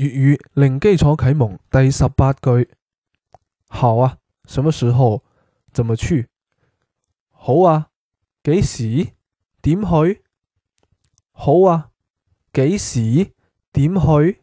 粵語零基礎啟蒙第十八句，好、啊，好啊，什麼時候？怎麼去？好啊，幾時？點去？好啊，幾時？點去。